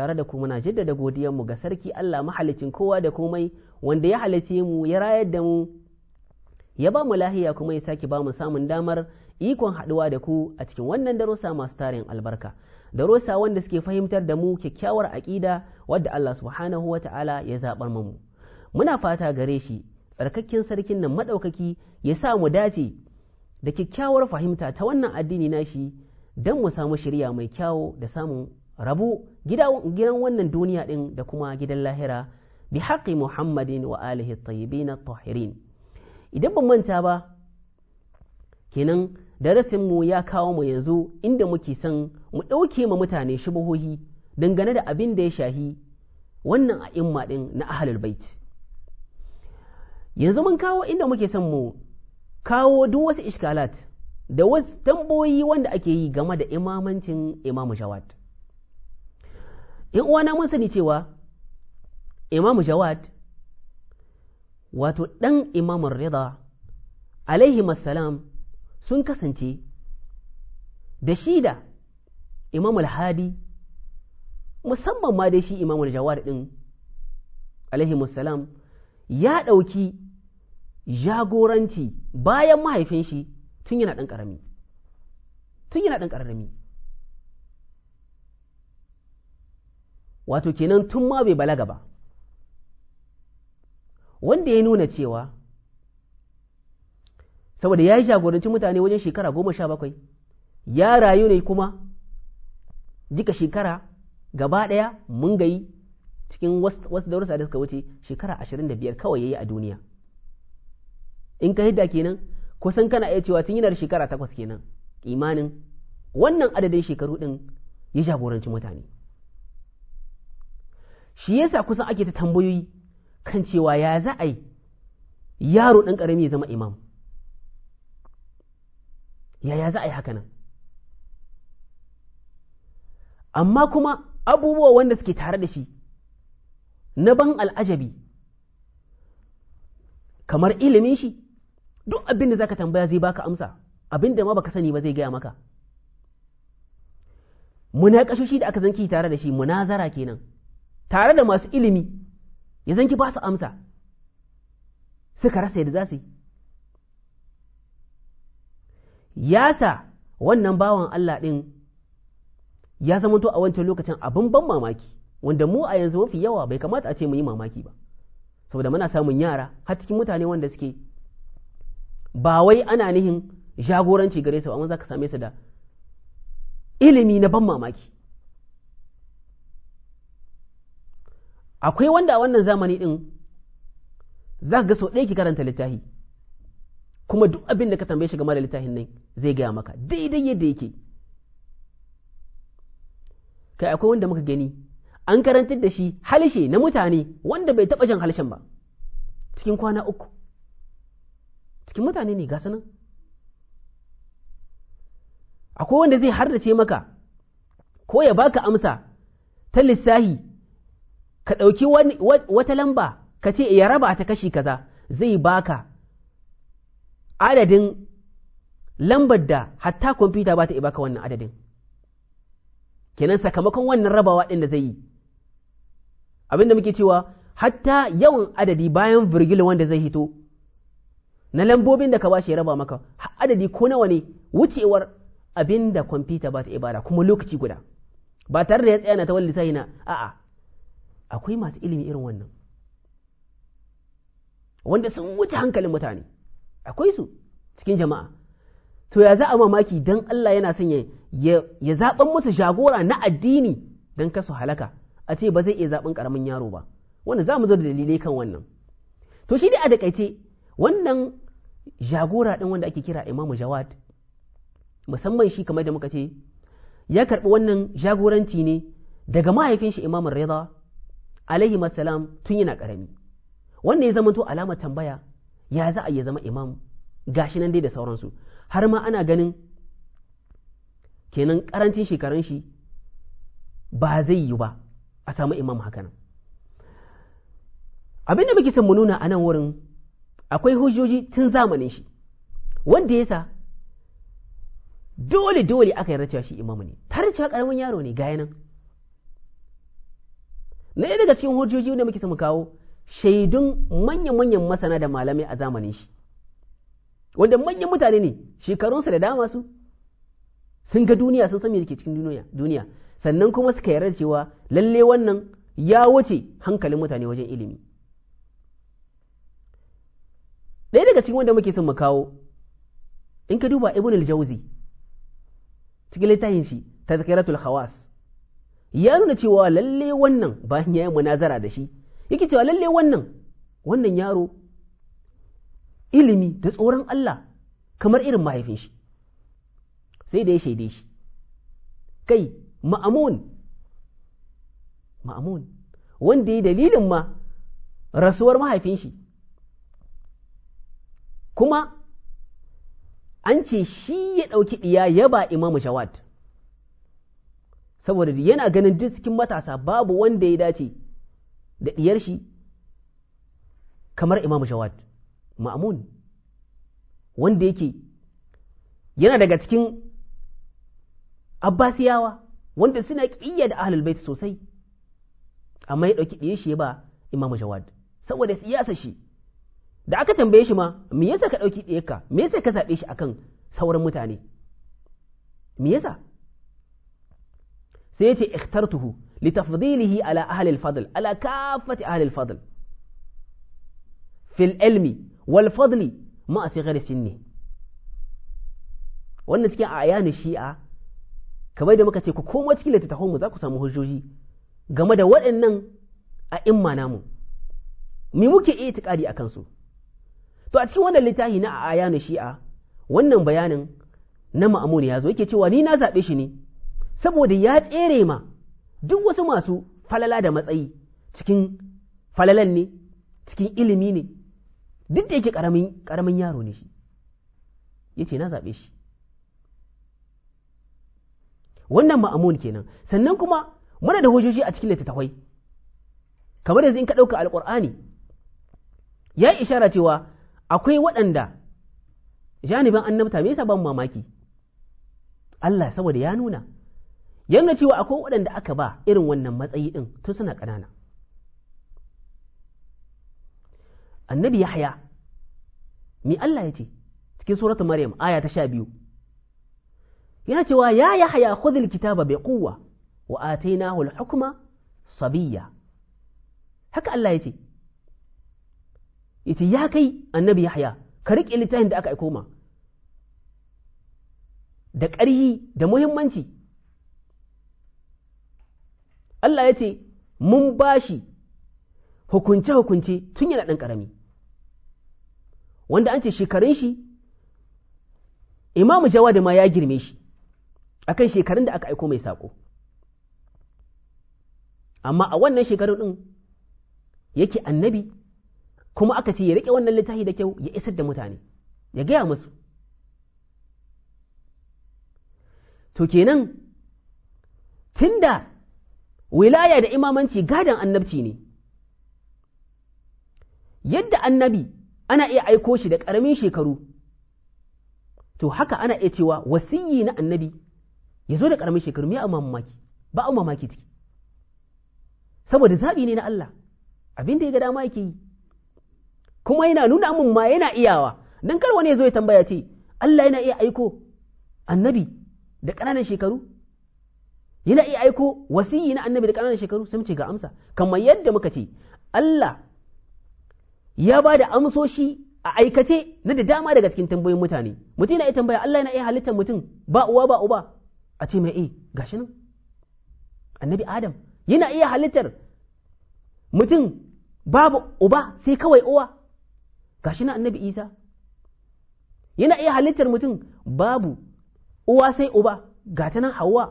tare da ku muna jaddada mu ga sarki Allah mahalicin kowa da komai wanda ya halice mu ya rayar da mu ya ba mu lahiya kuma ya sake ba mu samun damar ikon haɗuwa da ku a cikin wannan darussa masu tarin albarka darussa wanda suke fahimtar da mu kyakkyawar aƙida wadda Allah subhanahu wa ta'ala ya zaɓar mu muna fata gare shi tsarkakken sarkin nan maɗaukaki ya sa mu dace da kyakkyawar fahimta ta wannan addini nashi don mu samu shirya mai kyawo da samun rabu gidan wannan duniya ɗin da kuma gidan lahira bi haƙi muhammadin wa alihi tayyibin tahirin idan ban manta ba kenan mu ya kawo mu yanzu inda muke san mu ɗauke ma mutane shubuhohi dangane da abin da ya shahi wannan a'imma ɗin na ahlul bait yanzu mun kawo inda muke san mu kawo duk wasu iskalat da wasu tamboyi wanda ake yi game da imamancin imamu jawad in uwana mun sani cewa imamu jawad wato ɗan imamun rida alaihi salam sun kasance da shi da imamul hadi musamman ma da shi imamul jawad ɗin alaihi salam ya ɗauki jagoranci bayan mahaifin shi tun yana ɗan ƙarami tun yana ɗan ƙarami wato kenan tun ma bai balaga ba wanda ya nuna cewa saboda ya yi jagoranci mutane wajen shekara goma sha bakwai ya rayu ne kuma jika shekara gaba ɗaya mun gayi cikin wasu daura da suka wuce shekara ashirin da biyar kawai ya yi a duniya in ka hidda kenan kusan kana iya cewa tun yana da shekara takwas kenan imanin wannan adadin shekaru ɗin ya jagoranci mutane shi yasa kusan ake ta tambayoyi kan cewa ya za a yi yaro ɗan ƙarami ya zama imam ya ya za a yi haka nan amma kuma abubuwa wanda suke tare da shi na ban al'ajabi kamar ilimin shi duk abin da zaka tambaya zai baka amsa abin da ma baka sani ba zai gaya maka munakashoshi da aka zanki tare da shi munazara kenan tare da masu ilimi ya zanki ba su amsa suka rasa yadda za su yi Ya sa wannan bawan Allah ɗin ya zamanto a wancan lokacin abin ban mamaki wanda mu a yanzu mafi yawa bai kamata a ce mu yi mamaki ba saboda muna samun yara har cikin mutane wanda suke ba wai ana nihin jagoranci gare su amma za ka same su da ilimi na ban mamaki akwai wanda a wannan zamani ɗin za ka ga sau ɗaya ki karanta littafi kuma duk abin da ka tambaye shi game da littafin nan zai gaya maka daidai yadda yake kai akwai wanda muka gani an karantar da shi halshe na mutane wanda bai taɓa jan halshen ba cikin kwana uku cikin mutane ne gasa nan akwai wanda zai hardace maka ko ya baka amsa ta lissahi ka ɗauki wata lamba ka ce ya raba ta kashi kaza zai baka adadin lambar da hatta kwamfuta ba ta iya baka wannan adadin kenan sakamakon wannan rabawa ɗin da zai yi abinda muke cewa hatta yawan adadi bayan virgil wanda zai hito na lambobin da ka bashi ya raba maka adadi ko nawa ne wucewar abinda da kwamfuta ba ta ibada kuma lokaci guda ba tare da ya tsaya na ta wani lissahi na a'a akwai masu ilimi irin wannan wanda sun wuce hankalin mutane akwai su cikin jama'a to ya za a mamaki don Allah yana son ya zaɓen musu jagora na addini don kasu halaka a ce ba zai iya zaɓen ƙaramin yaro ba wanda za mu zo da dalilai kan wannan to shi dai a daƙaice wannan jagora ɗin wanda ake kira imamu jawad musamman shi kamar da muka ce ya karɓi wannan jagoranci ne daga mahaifin shi imamun rida alaihi masalam tun yana karami wanda ya zamanto alamar tambaya ya za a ya zama imam gashi nan dai da sauransu har ma ana ganin kenan karancin shekarun shi ba zai yi ba a samu imam haka nan abin da muke son mu nuna a nan wurin akwai hujjoji tun zamanin shi wanda yasa dole dole aka yarda cewa shi imam ne tare cewa karamin yaro ne gaya nan na ɗaya daga cikin hujjoji da muke samu kawo shaidun manya-manyan masana da malamai a zamanin shi wanda manyan mutane ne shekarunsa da dama su sun ga duniya sun san me ke cikin duniya sannan kuma suka yarda cewa lalle wannan ya wuce hankalin mutane wajen ilimi ɗaya daga cikin wanda muke son mu kawo in ka duba ibn al-jawzi cikin littafin shi tazkiratul khawas ya nuna cewa lalle wannan bayan ya yi munazara da shi yake cewa lalle wannan wannan yaro ilimi da tsoron Allah kamar irin mahaifin shi sai da ya shaide shi kai ma'amun ma'amun wanda ya dalilin ma rasuwar mahaifin shi kuma an ce shi ya ɗauki ɗiya ya ba imamu jawad saboda yana ganin duk cikin matasa babu wanda ya dace da diyar shi kamar Imam Shawad Ma'mun wanda yake yana daga cikin Abbasiyawa wanda suna ƙiyya da ahlul bait sosai amma ya ɗauki ɗiyar shi ba Imam Shawad saboda siyasa shi da aka tambaye shi ma me yasa ka ɗauki ɗiyarka me yasa ka zaɓe shi akan sauran mutane me yasa sai ce ikhtartuhu li tafdilihi ala ahli al-fadl ala kaffati ahli al-fadl fil ilmi wal fadli ma asighar sinni wannan cikin ayani shi'a kamar da muka ce ku koma cikin littattafan mu za ku samu hujjoji game da waɗannan a imma namu mi muke itikadi a kansu. to a cikin wannan littafi na ayani shi'a wannan bayanin na ma'amun ya zo yake cewa ni na zaɓe shi ne saboda ya tsere ma duk wasu masu falala da matsayi cikin falalan ne cikin ilimi ne duk da yake ƙaramin yaro ne shi ya ce na zaɓe shi wannan ma'amun kenan sannan kuma muna da hujjoji a cikin littattafai kamar yanzu in ka ɗauka alƙur'ani ya yi ishara cewa akwai waɗanda janibin annabta me yasa ban mamaki Allah saboda ya nuna yanga cewa akwai waɗanda aka ba irin wannan matsayi ɗin tun suna ƙanana annabi yahya mi Allah ya ce cikin suratul maryam aya ta sha biyu yana cewa ya Yahaya khudhil kitaba bi quwwa wa atainahu al-hukma sabiyya haka Allah ya ce yace ya kai annabi yahya ka riƙe littafin da aka aiko ma da ƙarhi da muhimmanci Allah ya ce mun bashi hukunce-hukunce tun yana ɗan ƙarami wanda an ce shekarun shi imamu da ma ya girme shi akan shekarun da aka aiko mai saƙo amma a wannan shekarun ɗin yake annabi kuma aka ce ya riƙe wannan littafi da kyau ya isar da mutane ya gaya musu to kenan tunda wilaya da imamanci gadon annabci ne yadda annabi ana iya aiko shi da ƙaramin shekaru to haka ana iya cewa wasiyyi na annabi ya zo da ƙaramin shekaru me amma mamaki ba a mamaki ciki saboda zaɓi ne na Allah abin da ya ga dama yake yi kuma yana nuna mun ma yana iyawa dan kar wani ya zo ya tambaya ce Allah yana iya aiko annabi da ƙananan shekaru yana iya aiko wasiyi na annabi da ƙananan shekaru sun ce ga amsa kamar yadda muka ce Allah ya ba da amsoshi a aikace na da dama daga cikin tambayoyin mutane mutum na iya tambaya Allah yana iya halittar mutum ba uwa ba uba a ce mai eh gashi nan annabi Adam yana iya halittar mutum babu uba sai kawai uwa gashi nan annabi Isa yana iya halittar mutum babu uwa sai uba ga ta nan hawa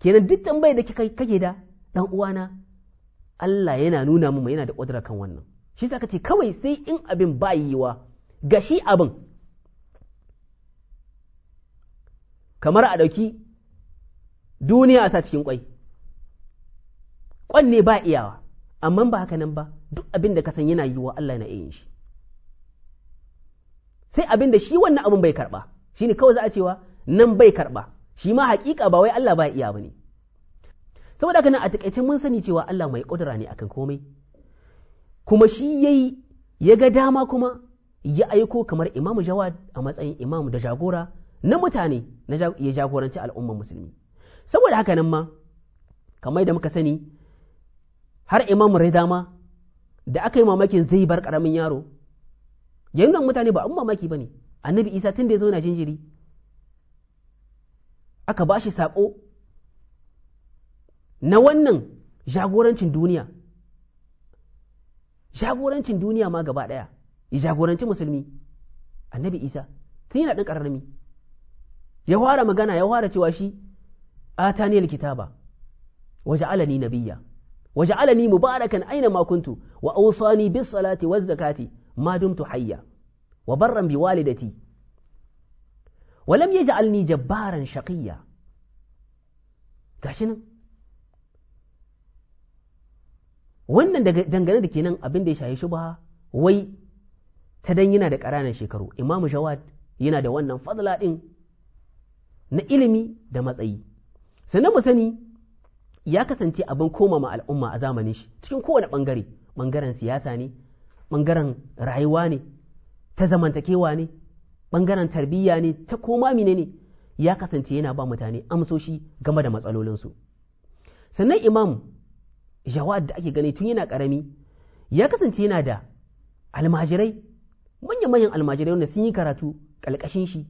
kenan duk tambayar da kika kake da dan uwana Allah yana nuna mu yana da kudura kan wannan shi yasa kace kawai sai in abin ba yiwa ga shi abin kamar a dauki duniya a sa cikin kwai kwan ne ba iyawa amma ba haka nan ba duk abin da ka san yana yiwa Allah yana iya yin shi sai abin da shi wannan abin bai karba shine kawai za a cewa nan bai karba shi ma hakika ba wai Allah ba iya ne. saboda kana a takaicin mun sani cewa Allah mai ƙudura ne akan komai kuma shi yayi ya ga dama kuma ya aiko kamar Imam Jawad a matsayin imam da jagora na mutane na ya jagoranci al'umman musulmi saboda haka nan ma kamar da muka sani har Imam Rida ma da aka yi mamakin zai bar ƙaramin yaro yayin nan mutane ba an mamaki bane annabi Isa tun da ya zo na jinjiri aka ba shi saƙo na wannan jagorancin duniya jagorancin duniya ma gaba ɗaya ya musulmi annabi isa tun yana ɗan ƙararrami ya fara magana ya fara cewa shi ataniyal kitaba waje alani nabiyya waje alani mubarakan aina ma kuntu wa ausani bis salati waz zakati ma dumtu hayya wa barran bi walidati walam ja’alni jabbaran shaqiyya gashi nan wannan dangane da kenan abin da ya shahi ba wai ta dan yana da ƙaranan shekaru imamu shawad yana da wannan fadla ɗin na ilimi da matsayi sannan mu sani ya kasance abin koma ma al'umma a zamanin shi cikin kowane bangare ɓangaren siyasa ne ɓangaren rayuwa ne ta zamantakewa ne Bangaren tarbiyya ne ta koma mine ne ya kasance yana ba mutane amsoshi game da matsalolinsu sannan imam jawad da ake gani tun yana ƙarami ya kasance yana da almajirai manya-manyan almajirai wanda sun yi karatu ƙalƙashin shi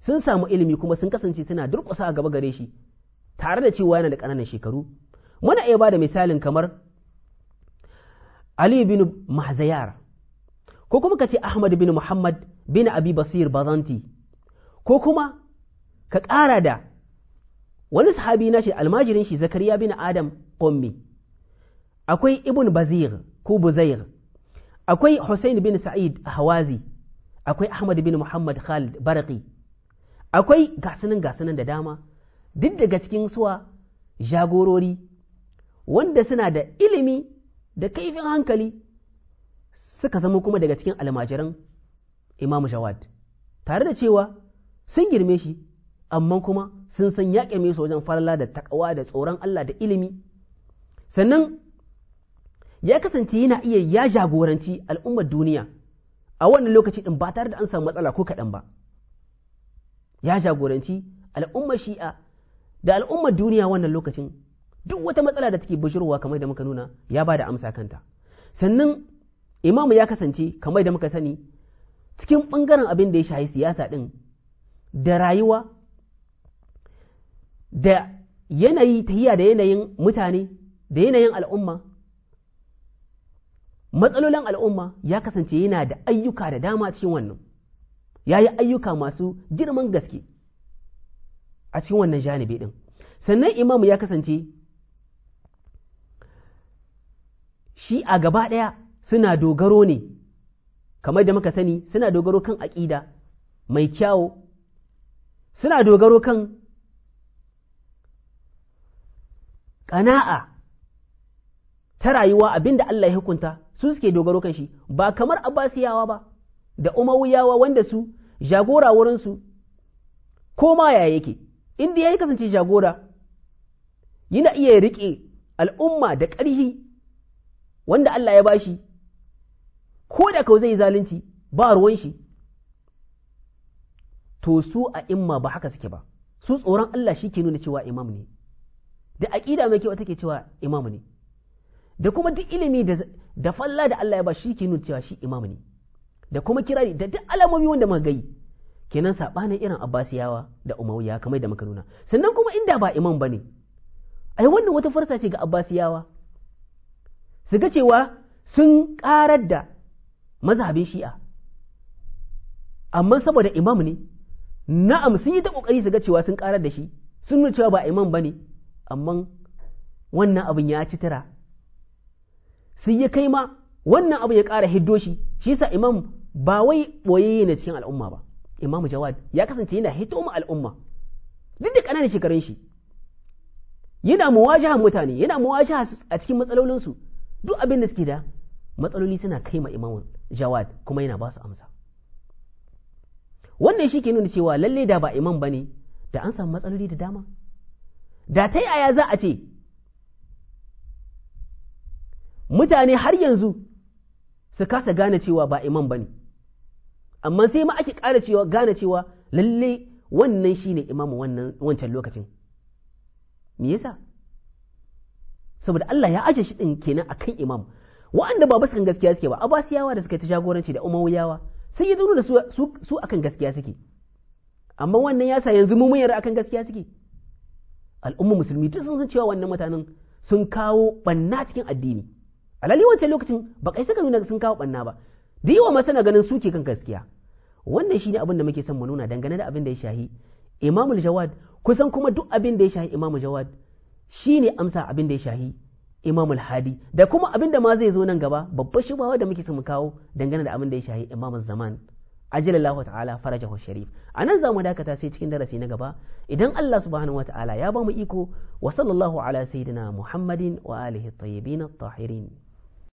sun samu ilimi kuma sun kasance suna durƙusa a gaba gare shi tare da cewa yana da ƙananan shekaru muna iya ba da misalin kamar Ali bin Mahzayar ko kuma ka ce Ahmad bin Muhammad bin Abi Basir Bazanti ko kuma ka ƙara da wani sahabi na shi almajirin shi Zakariya bin Adam Qummi akwai Ibn Bazir ko Buzair akwai Hussein bin Sa'id Hawazi akwai Ahmad bin Muhammad Khalid Barqi akwai gasunan gasunan da dama duk daga cikin suwa jagorori wanda suna da ilimi da kaifin hankali suka zama kuma daga cikin almajiran imamu jawad tare da cewa sun girme shi amma kuma sun san ya ƙyame su wajen farla da takawa da tsoron Allah da ilimi sannan ya kasance yana iya ya jagoranci al'ummar duniya a wannan lokaci din ba tare da an samu matsala ko kaɗan ba ya jagoranci al'ummar shi'a da al'ummar duniya wannan lokacin duk wata matsala da take bishirwa kamar da muka nuna ya ba da amsa kanta sannan imamu ya kasance kamar da muka sani cikin ɓangaren abin da ya shayi siyasa ɗin da rayuwa da yanayi tahiya da yanayin mutane da yanayin al'umma matsalolin al'umma ya kasance yana da ayyuka da dama cikin wannan ya yi ayyuka masu girman gaske a cikin wannan janibi ɗin sannan imamu ya kasance shi a gaba ɗaya suna dogaro ne kamar da muka sani suna dogaro kan aƙida mai kyawo suna dogaro kan ƙana'a ta rayuwa abin da Allah ya hukunta su suke dogaro kan shi ba kamar Abbasiyawa ba da umawuyawa wanda su jagora wurinsu ko ma ya yake inda ya kasance jagora yana iya riƙe al'umma da ƙarhi wanda Allah ya bashi ko da kawai zai zalunci ba ruwan shi to su a imma ba haka suke ba su tsoron Allah shi ke nuna cewa imam ne da aƙida mai kyau take cewa imam ne da kuma duk ilimi da falla da Allah ya ba shi ke nuna cewa shi imam ne da kuma kirari da duk alamomi wanda muka gai kenan sabanin irin abbasiyawa da umayya kamar da muka nuna sannan kuma inda ba imam bane ai wannan wata farsa ce ga abbasiyawa su ga cewa sun karar da mazhabin shi'a amma saboda imam ne na'am sun yi ta kokari su ga cewa sun karar da shi sun nuna cewa ba imam bane amma wannan abin ya ci tira sai ya kai ma wannan abin ya kara hiddo shi shi sa imam ba wai boyayye ne cikin al'umma ba Imam jawad ya kasance yana hito mu al'umma duk da ƙananan shekarun shi yana muwajahan mutane yana muwajaha a cikin matsalolinsu duk abin da suke da matsaloli suna kai ma imamun jawad kuma yana ba su amsa wannan shi ke nuna cewa lalle da ba imam ba ne da an samu matsaloli da dama da ta yaya za a ce mutane har yanzu su kasa gane cewa ba imam ba ne amma sai ma ake ƙara cewa gane cewa lalle wannan shi ne imamu wancan lokacin me yasa saboda Allah ya aje shi ɗin kenan akan imam waɗanda ba basu kan gaskiya suke ba yawa da suka ta jagoranci da umawiyawa sai yi nuna da su akan gaskiya suke amma wannan yasa yanzu mu yarda akan gaskiya suke al'umma musulmi duk sun san cewa wannan mutanen sun kawo banna cikin addini alali wancan lokacin ba kai suka nuna sun kawo banna ba da yawa masana ganin suke kan gaskiya wannan shine abin da muke son mu nuna dangane da abin da ya shahi imamul jawad kusan kuma duk abin da ya shahi imamul jawad shine amsa abin da ya shahi imamul hadi da kuma abin da ma zai zo nan gaba babbar shubawa da muke mu kawo dangane da abin da ya shahi imamul zaman ajalallahu ta'ala farajahu sharif anan zamu dakata sai cikin darasi na gaba idan Allah subhanahu wa ta'ala ya ba mu iko wa sallallahu ala sayyidina muhammadin wa alihi tayyibin at-tahirin